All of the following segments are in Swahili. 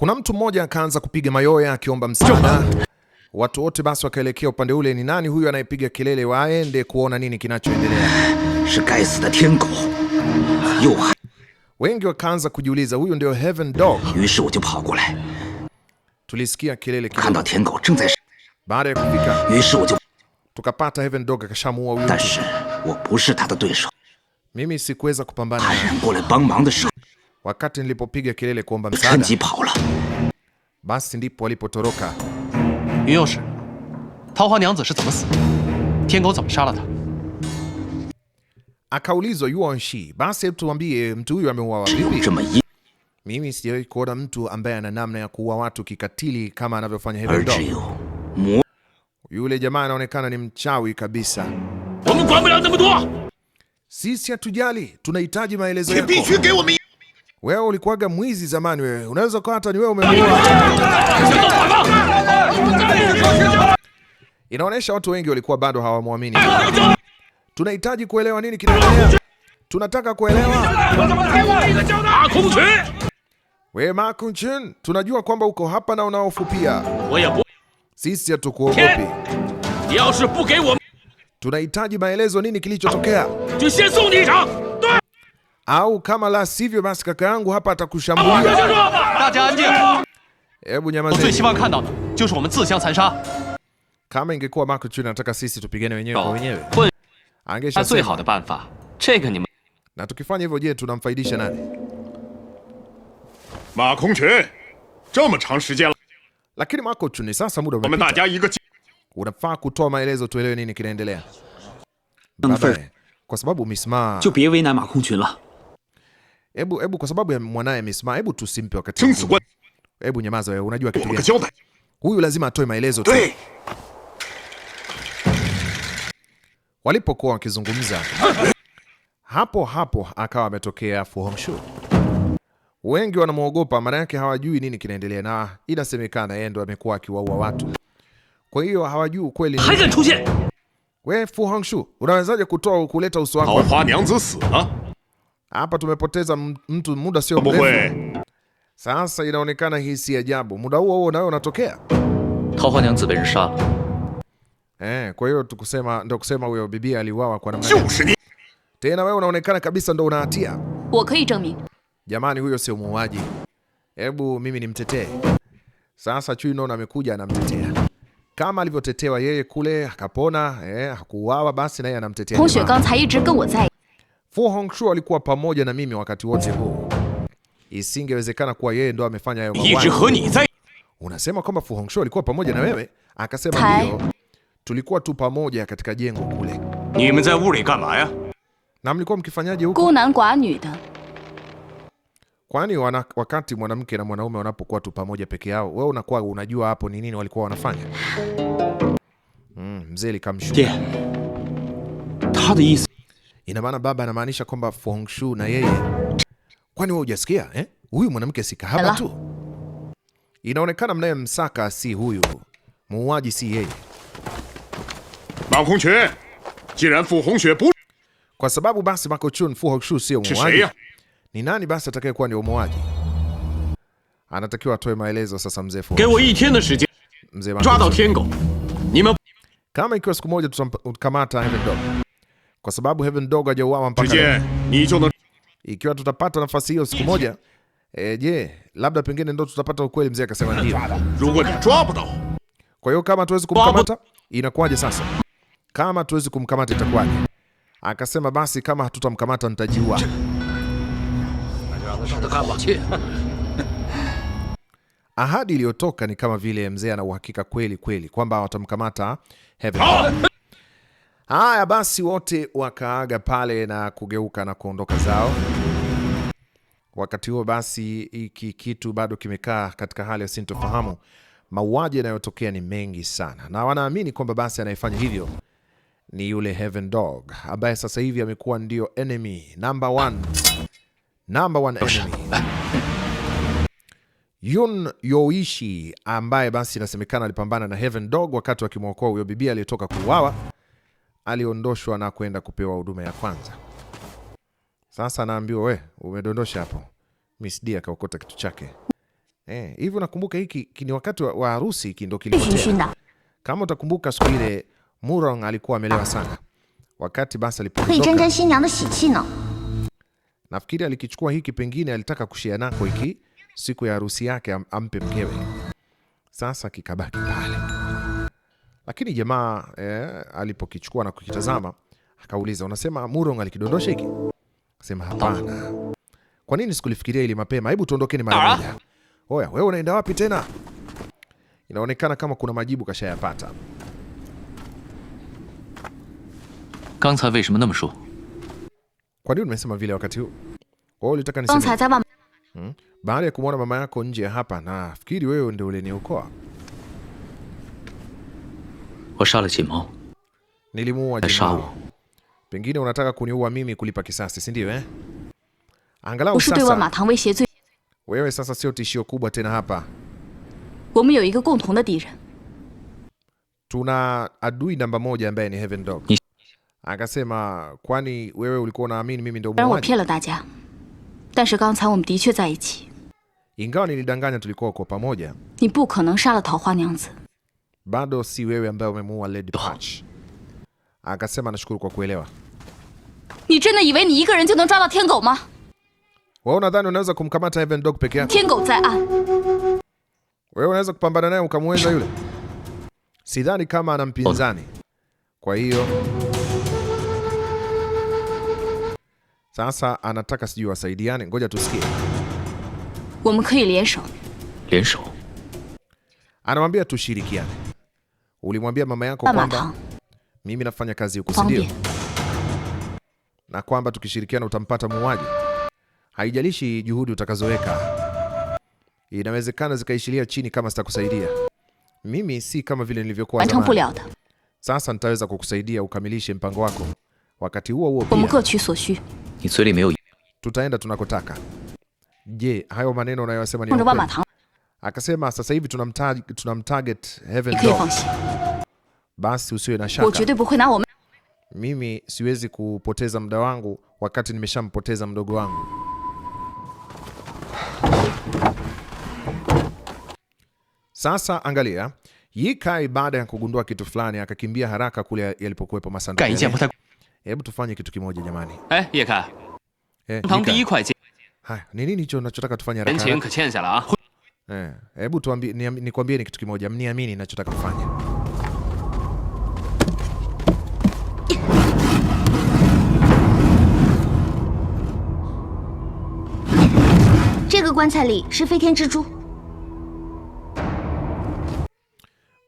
Kuna mtu mmoja akaanza kupiga mayoya akiomba msaada, watu wote basi wakaelekea upande ule. Ni nani huyu anayepiga kelele? Waende kuona nini kinachoendelea. Wengi wakaanza kujiuliza, huyu ndio Heaven Dog. Tulisikia kelele baada ya kufika, tukapata Heaven Dog akashamuua huyu. Mimi sikuweza kupambana Wakati nilipopiga kelele kuomba msaada, basi ndipo walipotoroka. Akaulizwa Yuanshi, basi tuambie, mtu huyu ameuawa vipi? Mimi sijawahi kuona mtu ambaye ana namna ya kuua watu kikatili kama anavyofanya hivi Yule jamaa anaonekana ni mchawi kabisa. Sisi hatujali, tunahitaji maelezo yako. Wewe ulikuwaga mwizi zamani, wewe unaweza kuwa hata ni wewe umemuua. Inaonyesha watu wengi walikuwa bado hawamwamini. Tunahitaji kuelewa nini kinaendelea, tunataka kuelewa. We Ma Kongqun, tunajua kwamba uko hapa na unaofupia sisi, hatukuogopi. Tunahitaji maelezo, nini kilichotokea? au kama la sivyo, basi kaka yangu hapa atakushambulia. Hebu nyamazeni. Kama ingekuwa Marco Jr anataka sisi tupigane wenyewe kwa wenyewe, na tukifanya hivyo, je, tunamfaidisha nani? Lakini Marco Jr sasa muda umepita. Unafaa kutoa maelezo tuelewe nini kinaendelea. Bye bye. Kwa sababu misma. Ebu, ebu kwa sababu ya mwanaye amesimama, ebu tusimpe wakati. Ebu nyamaza wewe, unajua kitu gani? Huyu lazima atoe maelezo tu. Walipokuwa wakizungumza hapo hapo akawa ametokea Fu Hongxue. Wengi wanamwogopa, maana yake hawajui nini kinaendelea, na inasemekana yeye ndo amekuwa akiwaua watu, kwa hiyo hawajui ukweli. Wewe Fu Hongxue, unawezaje kutoa kuleta uso wako? Hapa tumepoteza mtu muda sio mrefu. Sasa inaonekana hii si ajabu, muda huo huo nayo unatokea. Eh, kwa hiyo tukusema ndo kusema huyo bibi aliuawa kwa namna gani? Tena wewe unaonekana kabisa ndo una hatia. Jamani, huyo sio muuaji, hebu mimi nimtetee. Sasa chui naona amekuja anamtetea kama alivyotetewa yeye kule akapona, eh, hakuuawa, basi naye anamtetea. Fu Hongxue alikuwa pamoja na mimi wakati wote huu. Isingewezekana kuwa yeye ndo amefanya hayo mambo. Unasema kwamba Fu Hongxue alikuwa pamoja na mm. wewe? Akasema ndio. Tulikuwa tu pamoja katika jengo kule. Na mlikuwa mkifanyaje huko? Kwani wana, wakati mwanamke na mwanaume wanapokuwa tu pamoja peke yao, wewe unakuwa unajua hapo ni nini walikuwa wanafanya? Mm, mzee likamshuka. Ina maana baba anamaanisha kwamba Fongshu na yeye, kwani wewe hujasikia eh? Huyu mwanamke si kahaba tu, inaonekana mnayemsaka si huyu, muuaji si yeye. Ma Hongxue, jiran Fu Hongxue bu... kwa sababu basi Ma Kongqun Fu Hongxue sio muuaji, ni nani basi atakayekuwa ndio muuaji? Anatakiwa atoe maelezo sasa mzee Fu. Mzee, kama ikiwa siku moja tutamkamata kwa sababu Heaven Dog hajauawa mpaka leo. Ikiwa tutapata nafasi hiyo siku moja, eh, je, labda pengine ndo tutapata ukweli. Mzee akasema ndio. Kwa hiyo kama tuwezi kumkamata inakuwaje sasa? Kama tuwezi kumkamata itakuwaje? Akasema basi kama hatutamkamata nitajiua. Ahadi iliyotoka ni kama vile mzee ana uhakika kweli kweli kwamba watamkamata Heaven Dog. Haya basi, wote wakaaga pale na kugeuka na kuondoka zao. Wakati huo basi, hiki kitu bado kimekaa katika hali ya sintofahamu. Mauaji yanayotokea ni mengi sana, na wanaamini kwamba basi anayefanya hivyo ni yule Heaven Dog ambaye sasa hivi amekuwa ndio enemy number one, number one enemy Yun Yoishi ambaye basi inasemekana alipambana na Heaven Dog wakati akimwokoa huyo bibia aliyetoka kuuawa aliondoshwa na kwenda kupewa huduma ya kwanza. Sasa naambiwa we umedondosha hapo. Miss D akaokota kitu chake hivi eh, nakumbuka hiki ni wakati wa harusi, hiki ndo kilipotea. Kama utakumbuka siku ile Murong alikuwa amelewa sana, wakati basi alipoondoka, nafikiri alikichukua hiki, pengine alitaka kushia nako hiki siku ya harusi yake, ampe mkewe. Sasa kikabaki pale. Lakini jamaa eh, alipokichukua na kukitazama akauliza, unasema Murong alikidondosha hiki? Sema hapana. Kwa nini sikulifikiria ili mapema? Hebu tuondokeni mara moja. Ah! Oya, wewe unaenda wapi tena? Inaonekana kama kuna majibu kashayapata. Kwa nini umesema vile wakati huu? Wewe ulitaka niseme. Hmm? Baada ya kumwona mama yako nje ya hapa, nafikiri wewe ndio uliniokoa. 我杀了锦毛，nilimuua Jinao. Pengine unataka kuniua mimi kulipa kisasi, si ndio eh? Angalau sasa 唐威胁罪，wewe sasa sio tishio kubwa tena hapa. 我们有一个共同的敌人，Tuna adui namba moja ambaye ni Heaven Dog. Akasema kwani wewe ulikuwa unaamini mimi ndio 虽然我 muuaji? 骗了大家，但是刚才我们的确在一起。Ingawa nilidanganya tulikuwa kwa pamoja. 你不可能杀了桃花娘子，bado si wewe ambaye umemuua Lady Patch. Akasema nashukuru kwa kuelewa. Ni zena yiwei ni yiga ren jiu neng zhao ma? Wewe unadhani unaweza kumkamata Heaven Dog peke yake? Tiangou zai an. Wewe unaweza kupambana naye ukamweza yule? Sidhani kama ana mpinzani. Kwa hiyo sasa anataka sijui wasaidiane, ngoja tusikie. Wamenkei lianshou. Lianshou. Anamwambia tushirikiane. Ulimwambia mama yako kwamba mimi nafanya kazi huko, si ndio? Na kwamba tukishirikiana utampata muuaji. Haijalishi juhudi utakazoweka, inawezekana zikaishilia chini kama sitakusaidia. Mimi si kama vile nilivyokuwa zamani. Sasa nitaweza kukusaidia ukamilishe mpango wako. Wakati huo huo pia tutaenda tunakotaka. Je, hayo maneno unayosema ni Akasema sasa hivi tunamtarget Heaven Dog. Basi usiwe na shaka, mimi siwezi kupoteza muda wangu wakati nimeshampoteza mdogo wangu. Sasa angalia, Ye Kai baada ya kugundua kitu fulani akakimbia haraka kule yalipokuwepo masanduku. Hebu tufanye kitu kimoja jamani. Eh, Ye Kai. Eh, Ye Kai. Hai, ni nini hicho unachotaka tufanye haraka? Eh, hebu tuambie, nikwambie ni kitu kimoja, mniamini ninachotaka kufanya.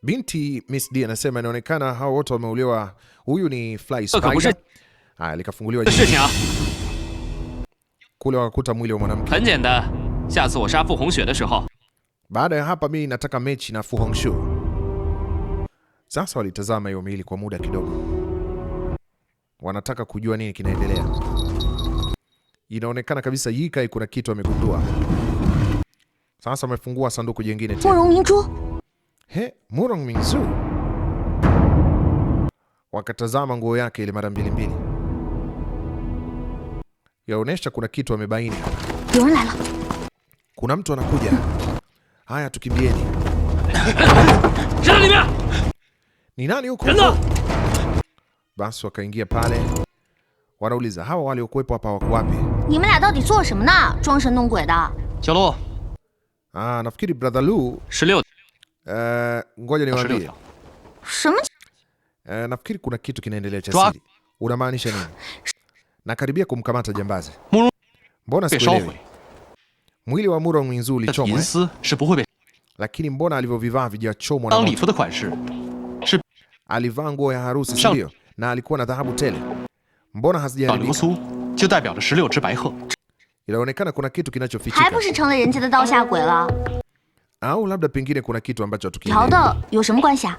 Binti Miss D anasema inaonekana hao wote wameuliwa. Huyu ni Fly Spider. likafunguliwa Kule wakakuta mwili wa mwanamke. Baada ya hapa, mimi nataka mechi na Fu Hongxue. Sasa walitazama hiyo miili kwa muda kidogo, wanataka kujua nini kinaendelea. Inaonekana kabisa Ye Kai kuna kitu amegundua. Sasa amefungua sanduku jingine tena. He, Murong Wakatazama nguo yake ile mara mbili mbili. Yaonesha kuna kitu amebaini. Kuna mtu anakuja. Haya, tukimbieni. Ni nani huko? Basi wakaingia pale, wanauliza hawa waliokuwepo hapa wako wapi? Ah, nafikiri brother Lu. Eh, ngoja ah, niwaambie. Eh, nafikiri kuna kitu kinaendelea cha siri. Unamaanisha nini? Nakaribia kumkamata jambazi. Mbona sikuelewi? Mwili wa Muro Mwinzu ulichomwa, lakini mbona alivyovivaa vijachomwa na moto? Alivaa nguo ya harusi, sio, Na alikuwa na dhahabu tele, mbona hazijaribika? Inaonekana kuna kitu kinachofichika, au labda pengine kuna kitu ambacho hatukielewi.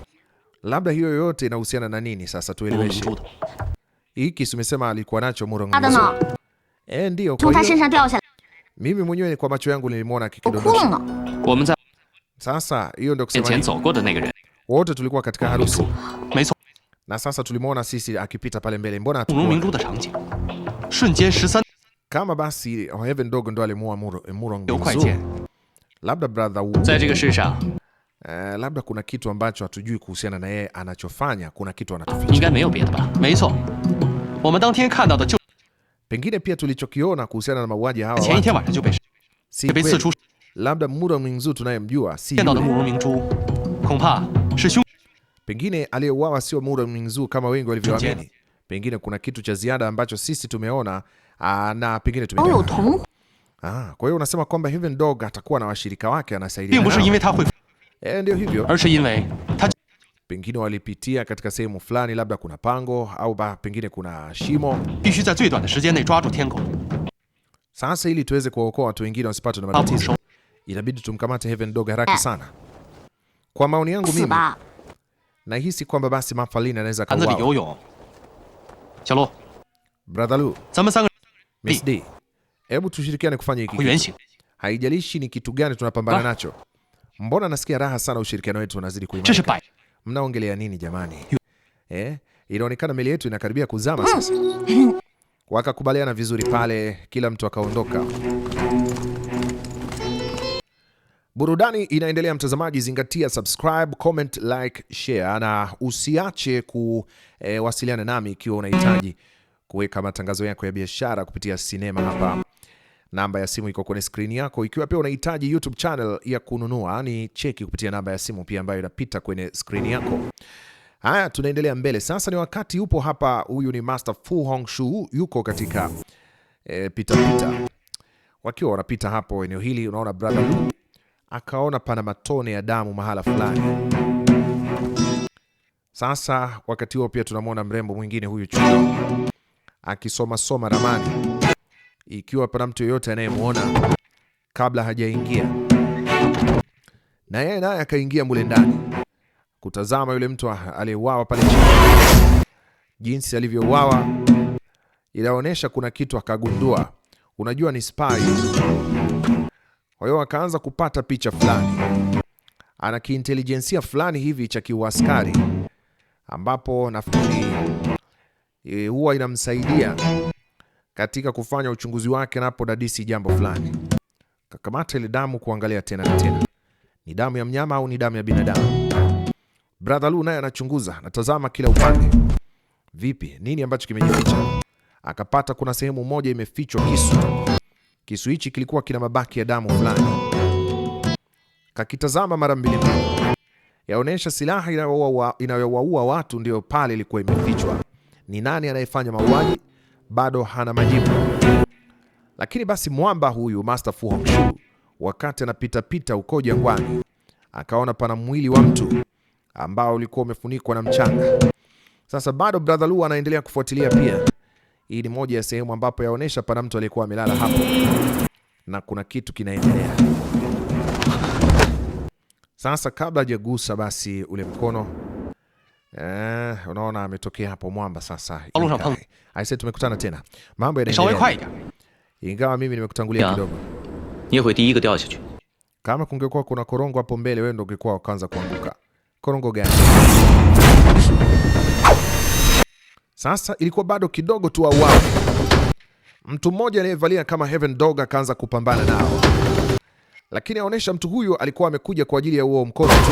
Labda hiyo yote inahusiana na nini? Sasa tueleweshe. Hiki simesema alikuwa nacho Muro Mwinzu. Eh, ndio kwa hiyo mimi mwenyewe kwa macho yangu nilimwona akikidondosha. Sasa hiyo ndio kusema wote tulikuwa katika harusi na sasa tulimwona sisi akipita pale mbele, mbona Kama basi Heaven Dog ndo alimuua eh, Murong Bingzu, labda brother, uh, labda kuna kitu ambacho hatujui kuhusiana na yeye anachofanya, kuna kitu anatuficha. Pengine pia tulichokiona kuhusiana na mauaji hawa si labda Muro Mingzu tunayemjua si pengine aliyeuawa sio Muro Mingzu kama wengi walivyoamini. Pengine kuna kitu cha ziada ambacho sisi tumeona aa, na pengine tume oh, Ah, kwa hiyo unasema kwamba Heaven Dog atakuwa na washirika wake anasaidia. Eh, ndio hivyo pengine walipitia katika sehemu fulani, labda kuna pango au ba, pengine kuna shimo. Sasa ili tuweze kuwaokoa watu wengine wasipate na matatizo, inabidi tumkamate Heaven Dog haraka eh. sana. Kwa maoni yangu mimi, nahisi kwamba basi Ma Fangling anaweza kuwa. Brother Lu, Miss D, hebu tushirikiane kufanya hiki. Haijalishi ni kitu gani tunapambana ah. nacho. Mbona nasikia raha sana, ushirikiano wetu unazidi kuimarika. Mnaongelea nini jamani? Eh, inaonekana meli yetu inakaribia kuzama sasa. Wakakubaliana vizuri pale, kila mtu akaondoka. Burudani inaendelea, mtazamaji, zingatia subscribe, comment, like, share na usiache kuwasiliana nami ikiwa unahitaji kuweka matangazo yako ya biashara kupitia sinema hapa Namba ya simu iko kwenye skrini yako. Ikiwa pia unahitaji YouTube channel ya kununua, ni cheki kupitia namba ya simu pia ambayo inapita kwenye skrini yako. Haya, tunaendelea mbele sasa. Ni wakati upo hapa, huyu ni Master Fu Hongxue yuko katika e, pita pita. Wakiwa wanapita hapo eneo hili, unaona brother huyu akaona pana matone ya damu mahala fulani. Sasa wakati huo pia tunamwona mrembo mwingine huyu Chuo akisoma soma ramani ikiwa pana mtu yoyote anayemwona kabla hajaingia, na yeye naye akaingia mule ndani kutazama yule mtu aliyeuawa pale chini, jinsi alivyouawa. Inaonyesha kuna kitu akagundua, unajua ni spy. Kwa hiyo akaanza kupata picha fulani, ana kiintelijensia fulani hivi cha kiuaskari, ambapo nafikiri eh, huwa inamsaidia katika kufanya uchunguzi wake na hapo dadisi jambo fulani. Kakamata ile damu kuangalia tena na tena, ni damu ya mnyama au ni damu ya binadamu? Brother Lu naye anachunguza, anatazama kila upande. Vipi, nini ambacho kimejificha? Akapata kuna sehemu moja imefichwa kisu. Kisu hichi kilikuwa kina mabaki ya damu fulani. Kakitazama mara mbili mbili, Yaonesha silaha inayowaua watu ndiyo pale ilikuwa imefichwa. Ni nani anayefanya mauaji? bado hana majibu. Lakini basi mwamba huyu Master Fu Hongxue, wakati anapitapita huko jangwani, akaona pana mwili wa mtu ambao ulikuwa umefunikwa na mchanga. Sasa bado brother Lu anaendelea kufuatilia pia. Hii ni moja ya sehemu ambapo yaonesha pana mtu aliyekuwa amelala hapo na kuna kitu kinaendelea. Sasa kabla hajagusa basi ule mkono Eh, unaona ametokea hapo mwamba sasa. Aise, tumekutana tena. Mambo yanaendelea. Ingawa mimi nimekutangulia kidogo. Kama kungekuwa kuna korongo hapo mbele, wewe ndio ungekuwa wa kwanza kuanguka. Korongo gani? Sasa ilikuwa bado kidogo tu au wao. Mtu mmoja aliyevalia kama Heaven Dog akaanza kupambana nao, lakini aonesha mtu huyo alikuwa amekuja kwa ajili ya huo mkono tu.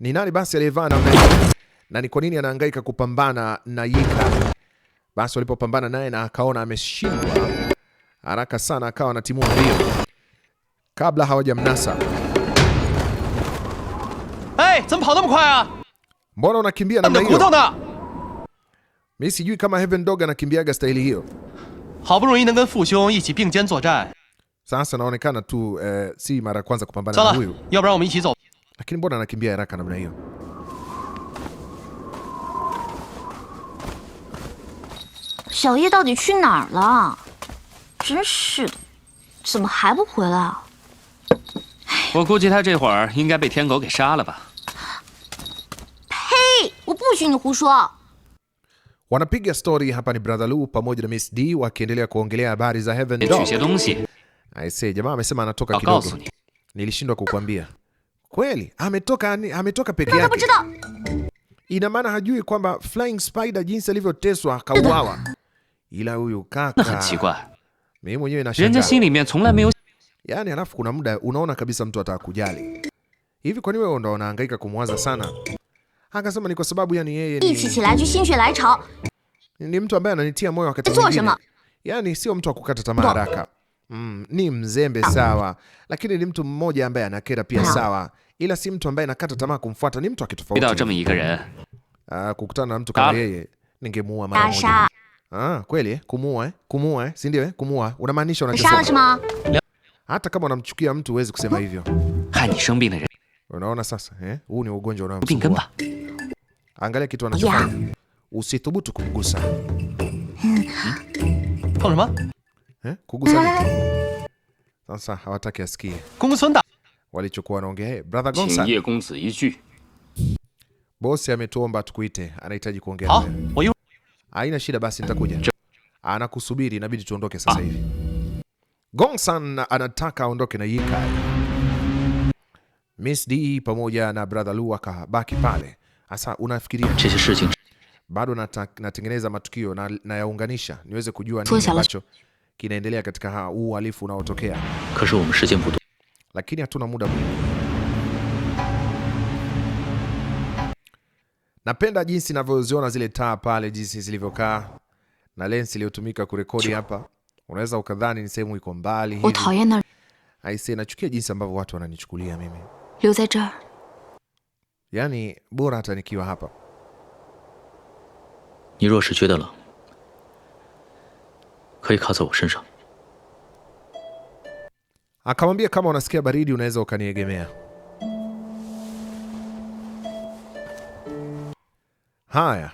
Ni nani basi aliyevaa namna hiyo? na ni kwa nini anahangaika kupambana na Yika. Basi walipopambana naye na akaona ameshindwa, haraka sana akawa anatimua mbio kabla hawajamnasa. Hey, mbona unakimbia namna hiyo? Mi sijui kama Heaven Dog anakimbiaga staili hiyo. Sasa naonekana tu eh, si mara ya kwanza kupambana na huyu. Lakini mbona anakimbia haraka namna hiyo? 小叶到底去哪儿了？真是的，怎么还不回来啊？我估计他这会儿应该被天狗给杀了吧？呸！我不许你胡说。我取些东西。我告诉你，你离心都去换币啊。快点，还没到，还没到，佩利亚。那他不知道。伊达曼哈迪伊库姆巴，Flying Spider 因塞尔维奥特斯瓦卡乌瓦。ila huyu kaka mimi mwenyewe nashangaa, yani, alafu kuna muda unaona kabisa mtu atakujali hivi. Kwa nini wewe ndo unahangaika kumwaza sana? Akasema ni kwa sababu yani yeye ni, ni mtu ambaye ananitia moyo wakati mwingine, yani sio mtu wa kukata tamaa haraka. Mm, ni mzembe sawa, lakini ni mtu mmoja ambaye anakera pia sawa, ila si mtu ambaye nakata tamaa kumfuata. Ni mtu akitofauti. Eh? Ah, kukutana na mtu kama ah. yeye ningemuua mara moja. Ah, kweli eh? eh? Kumua eh? Si ndio eh? Kumua. Unamaanisha unachosema. Hata kama unamchukia mtu huwezi kusema hivyo. Unaona sasa eh? Huu ni ugonjwa unaomsumbua. Angalia kitu anachofanya. Usithubutu kumgusa. Hmm? Eh? Kugusa nini? Eh? Sasa hawataki asikie. Walichokuwa wanaongea eh, brother Gonsa. Bosi ametuomba tukuite, anahitaji kuongea nawe. Haina shida, basi nitakuja. Anakusubiri, inabidi tuondoke sasa hivi. Gongsan anataka aondoke na Yika. Miss D pamoja na brother Lu wakabaki pale. Sasa unafikiria bado natengeneza matukio na nayaunganisha niweze kujua nini ambacho kinaendelea katika huu uhalifu unaotokea, lakini hatuna muda mwingi. Napenda jinsi ninavyoziona zile taa pale, jinsi zilivyokaa na lens iliyotumika kurekodi hapa, unaweza ukadhani ni sehemu iko mbali hivi. Aisee, nachukia jinsi ambavyo watu wananichukulia mimi. Yaani bora hata nikiwa hapa. Akamwambia kama unasikia baridi unaweza ukaniegemea. Haya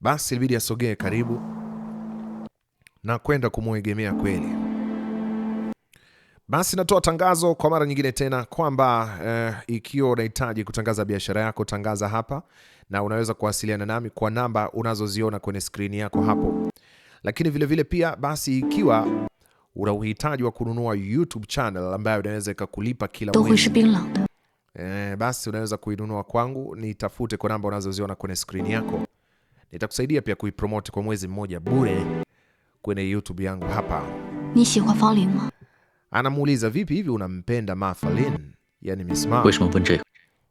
basi, ilibidi asogee karibu na kwenda kumwegemea kweli. Basi natoa tangazo kwa mara nyingine tena kwamba eh, ikiwa unahitaji kutangaza biashara yako, tangaza hapa, na unaweza kuwasiliana nami kwa namba unazoziona kwenye skrini yako hapo. Lakini vilevile vile pia basi, ikiwa una uhitaji wa kununua YouTube channel ambayo inaweza ikakulipa kila mwezi eh, basi unaweza kuinunua kwangu, nitafute kwa namba unazoziona kwenye skrini yako. Nitakusaidia pia kuipromote kwa mwezi mmoja bure kwenye YouTube yangu hapa. Anamuuliza, vipi hivi unampenda Ma Fangling? Yani Miss Ma.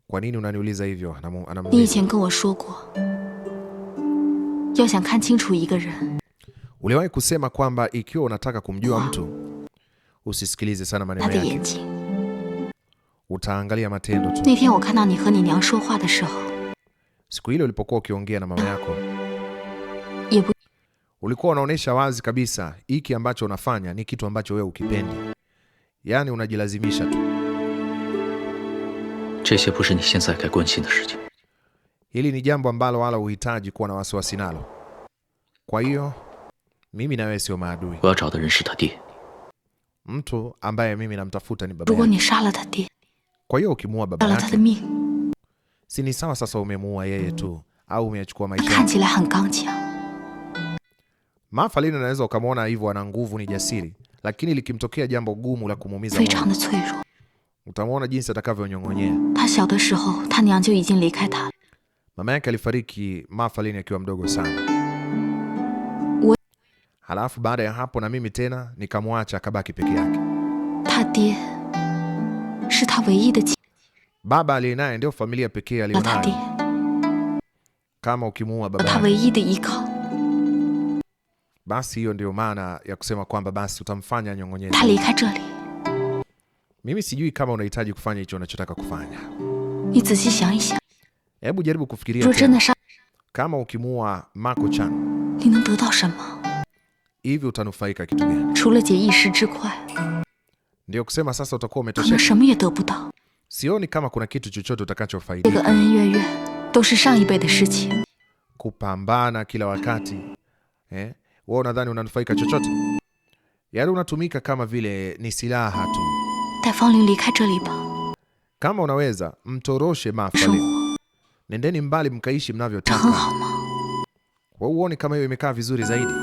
Kwa nini unaniuliza hivyo? Anamuuliza. Uliwahi kusema kwamba ikiwa unataka kumjua mtu usisikilize sana maneno yake utaangalia matendo tu. Siku ile ulipokuwa ukiongea na mama yako, ulikuwa unaonyesha wazi kabisa hiki ambacho unafanya ni kitu ambacho wewe ukipendi, yaani unajilazimisha tu. Hili ni jambo ambalo wala uhitaji kuwa na wasiwasi nalo. Kwa hiyo mimi na wewe sio maadui. Mtu ambaye mimi namtafuta ni baba. Kwa hiyo ukimuua baba yake si ni sawa? Sasa umemuua yeye tu au umeachukua maisha yake. Ma Fangling anaweza ukamwona hivyo, ana nguvu, ni jasiri, lakini likimtokea jambo gumu la kumuumiza, utamwona jinsi atakavyonyong'onyea. Mama yake alifariki Ma Fangling akiwa mdogo sana. Halafu baada ya hapo na mimi tena nikamwacha akabaki peke yake. 是他唯一的亲。Baba aliyenaye ndio familia pekee aliyonayo. Kama ukimuua baba yake, basi hiyo ndio maana ya kusema kwamba basi utamfanya nyong'onyezi. Mimi sijui kama unahitaji kufanya hicho unachotaka kufanya. Hebu jaribu kufikiria Kama ukimuua Mako Chan, hivi utanufaika kitu gani? Ndio kusema sasa utakuwa umetosheka. Sioni kama kuna kitu chochote utakachofaidika. Kupambana kila wakati. Eh? Wewe unadhani unanufaika chochote? Yaani unatumika kama vile ni silaha tu. Kama unaweza mtoroshe maafa Nendeni mbali mkaishi mnavyotaka. Wewe uone kama hiyo imekaa vizuri zaidi.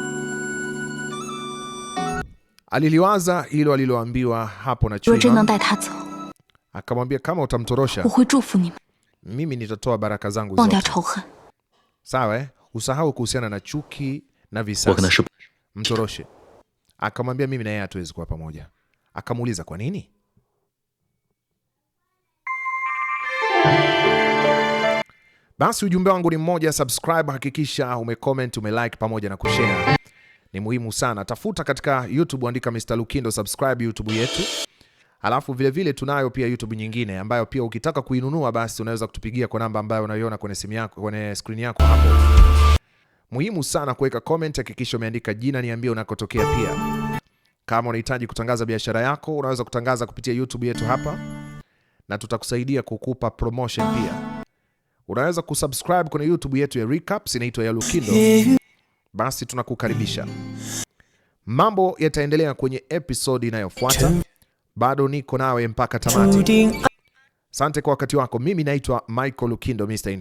Aliliwaza hilo aliloambiwa hapo na Chuma. Akamwambia kama utamtorosha, mimi nitatoa baraka zangu zote. Sawa, eh? usahau kuhusiana na chuki na visasi. Mtoroshe. Akamwambia mimi na yeye hatuwezi kuwa pamoja. Akamuuliza kwa nini? Basi ujumbe wangu ni mmoja, subscribe, hakikisha umecomment, umelike pamoja na kushare ni muhimu sana. Tafuta katika YouTube, andika Mr. Lukindo, subscribe YouTube yetu. Alafu vile vile tunayo pia YouTube nyingine ambayo pia ukitaka kuinunua basi unaweza kutupigia kwa namba ambayo unaiona kwenye simu yako, kwenye screen yako hapo. Muhimu sana kuweka comment, hakikisha umeandika jina, niambie unakotokea pia. Kama unahitaji kutangaza biashara yako, unaweza kutangaza kupitia YouTube yetu hapa na tutakusaidia kukupa promotion pia. Unaweza kusubscribe kwenye YouTube yetu ya Recaps inaitwa ya Lukindo. Basi tunakukaribisha, mambo yataendelea kwenye episodi inayofuata. Bado niko nawe mpaka tamati. Asante kwa wakati wako. Mimi naitwa Michael Lukindo, Mr.